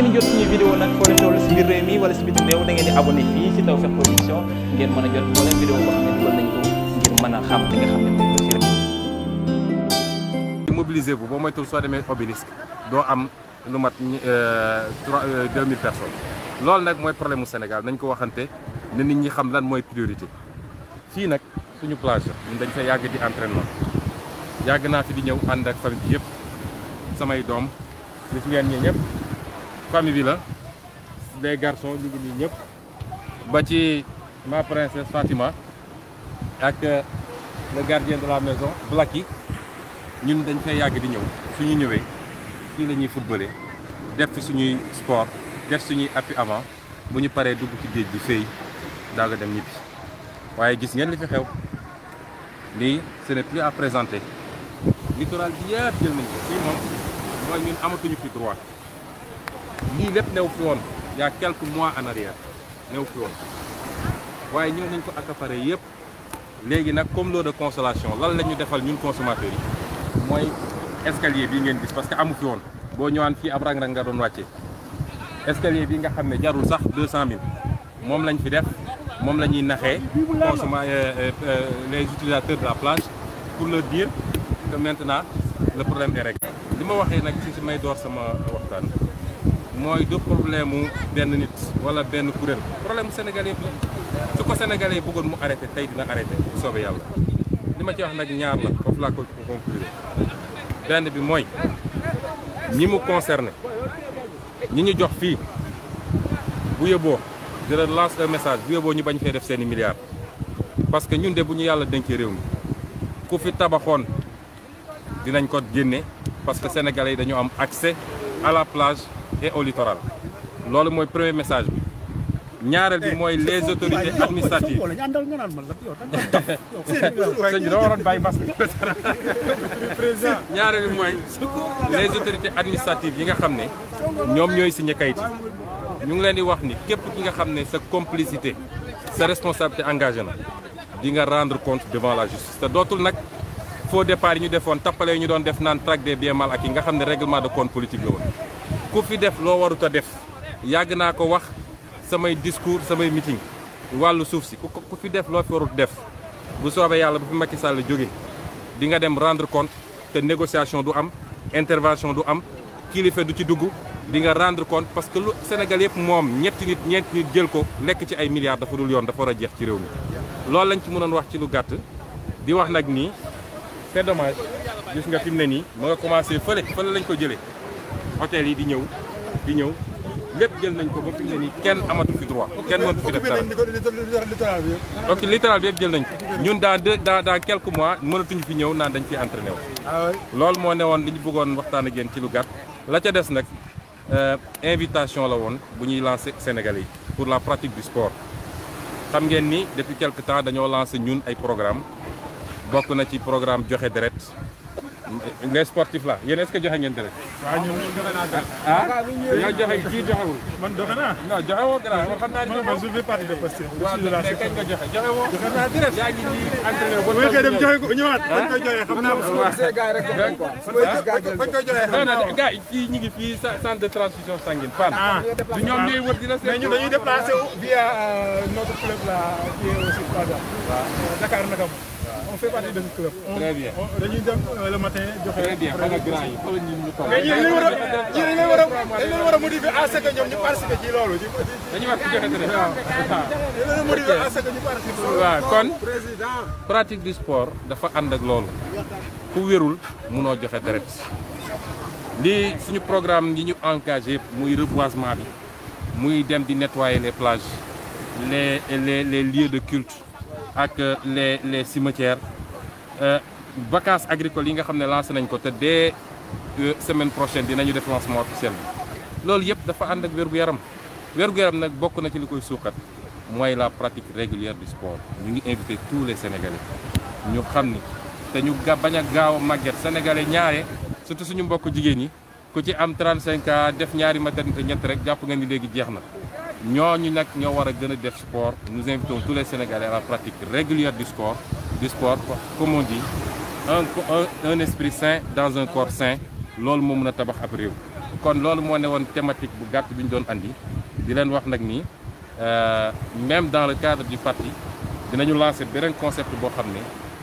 ngeen jot suñu vidéo nag foo leen toll ngeen di abonné a jot moo leen ngir mën a xam li mobiliser bu boo moytul soo demee obélisque doo am lu mat euh, trois euh, deux mille loolu nag mooy problème mu Sénégal nañ ko waxante ne nit ñi xam lan mooy priorité fii nag suñu plage ñun dañ fa yàgg di entraînement yàgg naa fi di ñëw ànd ak famille bi yëpp samay doom gis ñi ñëpp famille bi la les garson ñu ngi nii ñëpp ba ci ma princesse Fatima ak euh, le gardien de la maison Blacky ñun dañ fay yàgg di ñëw suñu ñëwee fii lañuy ñuy footballé def suñuy sport def suñuy appui avant bu ñu paree dugg ci géej bi fay daal dem ñibbi waaye gis ngeen li fi xew lii ce plus à présenter littoral bi yëpp jël nañ ko fii moom mooy ñun amatuñu fi droit lii lépp new fi woon y a mois en arrière new fi woon waaye ñëw nañ ko accaparé yëpp léegi nag comme lot de consolation lan la ñu defal ñun consommateurs yi mooy escalier bi ngeen gis parce que amu fi woon boo ñëwaan fii ab rang-rang nga doon wàcce escalier bi nga xam ne jarul sax deux cent mille moom lañ fi def moom la ñuy naxee consommat euh, euh, euh, les utilisateurs de la plage pour leur dire que maintenant le problème est réglé li ma waxee nag ci si may door sama waxtaan mooy du problème mu benn nit wala benn kuréel problème mu Sénégal yëpp su ko Sénégalais yi bëggoon mu arrêté tey dina arrêté soobee yàlla li ma ci wax nag ñaar la foofu laa ko conclure benn bi mooy ñi mu concerné ñi ñu jox fii bu yóbboo di la lance message bu yóbboo ñu bañ fee def seeni milliards parce que ñun de bu ñu yàlla dénkee réew mi ku fi tabaxoon dinañ ko génne parce que sénégalais yi dañu am accès à la plage et au littoral loolu mooy premier message bi ñaareel bi mooy les autorités administratives sëñ bi dama waroon bàyyi bas bi ñaareel bi mooy yi nga xam ne ñoom ñooy signé kayit ñu ngi leen di wax ni képp ki nga xam ne sa complicité sa responsabilité engagée na di nga rendre compte devant la justice te dootul nag faux départ yi ñu defoon tappale yi ñu doon def naan traque des biens mal yi nga xam ne règlement de compte politique la woon ku fi def loo warut a def yàgg naa ko wax samay discours samay meeting wàllu suuf si ku fi def loo fi warut def bu soobee yàlla bu fi Macky Sall jóge di nga dem rendre compte te négociation du am intervention du am kilifa du ci dugg di nga rendre compte parce que lu Sénégal yëpp moom ñetti nit ñeenti nit jël ko lekk ci ay milliards dafa dul yoon dafa war a jeex ci réew mi. loolu lañ ci mënoon wax ci lu gàtt di wax nag nii c'est gis nga fi mu ne nii ma commencé fële fële lañ ko jëlee. hôtel yi di ñëw di ñëw lépp jël nañ ko ba fi mu ne kenn amatu fi droit kenn mënatu fi def dara donc bi yëpp jël nañ ko ñun dans deux dans dans quelques mois mënatuñu fi ñëw naan dañ fi entraîné wu ah loolu moo ne woon li ñu bëggoon waxtaan ak ci lu gàtt la ca des nag euh, invitation la woon bu ñuy lancé sénégal yi pour la pratique du sport xam ngeen ni depuis quelque temps dañoo lancé ñun ay programme bokk na ci programme joxe deret les sportifs là yéen est-ce que joxe ngeen deret. waaw joxe naa ah, joxe man joxe naa. joxe woo gannaaw man xam naa man je fais partie de Pastef. joxe joxe joxe naa deret. yaa ngi nii entraîné ba. joxe ko joxe xam ma gisee gars yi rek joxe nañ ko. su ma gis gars yi bañ koy joxe xam naa ko. non ñu ngi fii centre de transfusion sanguine fan. ah du ñoom ñooy wër di la seet. mais ñun dañuy déplacé via euh, notre club là qui est Dakar Nakam on fait partie d'un dañuy dem euh, joxe. très bien kon pratique du sport dafa ànd ak loolu ku wérul munoo joxe deret lii suñu programme yi ñu engagé muy reboisement bi muy dem di nettoyer les plages les les lieux de culte. ak euh, les les cimetières euh, vacances agricoles yi nga xam ne lancé nañ ko te dès euh, semaine prochaine dinañu def lancement officiel bi loolu yëpp dafa ànd ak wér-gu-yaram wér-gu-yaram nag bokk na ci li koy suukat mooy la pratique régulière du sport ñu ngi invité tous les sénégalais ñu xam ni te ñu ga bañ a gaaw a màgget sénégalais ñaare surtout suñu mbokk jigéen ñi ku ci am 35 ans def ñaari maternité ñett rek jàpp nga ni léegi jeex na. ñooñu nag ñoo war a gën a def sport nous invitons tous les Sénégalais à la pratique régulière du sport du sport comme on dit un un esprit sain dans un corps sain loolu moo mën a tabax ab réew. kon loolu moo ne woon thématique bu gàtt bi ñu doon andi di leen wax nag ni euh, même dans le cadre du parti dinañu lancer bereen concept boo xam ne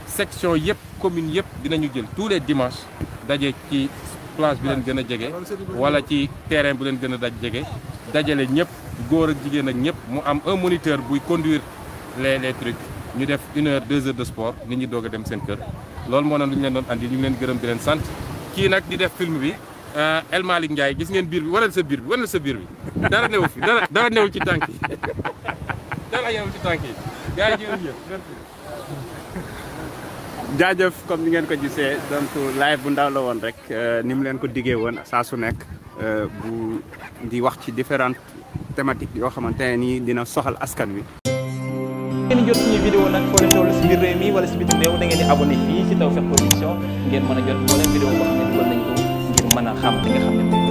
section yëpp commune yëpp dinañu jël tous les dimanches daje ci place bi leen gën a jege wala ci terrain bu leen gën a daj jege. dajale ñëpp góor ak jigéen ak ñëpp mu am un moniteur buy conduire les les trucs ñu def une heure deux heures de sport nit ñi doog a dem seen kër loolu moo naan lu ñu leen doon andi ñu ngi leen gërëm di leen sant kii nag di def film bi euh, El Malick Ndiaye gis ngeen biir bi wanal sa biir bi wanal sa biir bi dara newu fi dara dara newul ci tànk yi dara newul ci tànk yi gars yi jërëjëf jaajëf comme ni ngeen ko gisee donc live bu ndaw la woon rek euh, ni mu leen ko diggee woon saa su nekk euh, bu di wax ci différentes thématiques yoo xamante ne nii dina soxal askan wi. ngeen jot suñu vidéo nag foo leen si biir réew wala si bitim réew da ngeen di abonné fii si Tawfekh Production ngeen mën a jot moo leen vidéo boo xam ko mën a xam li nga xam ne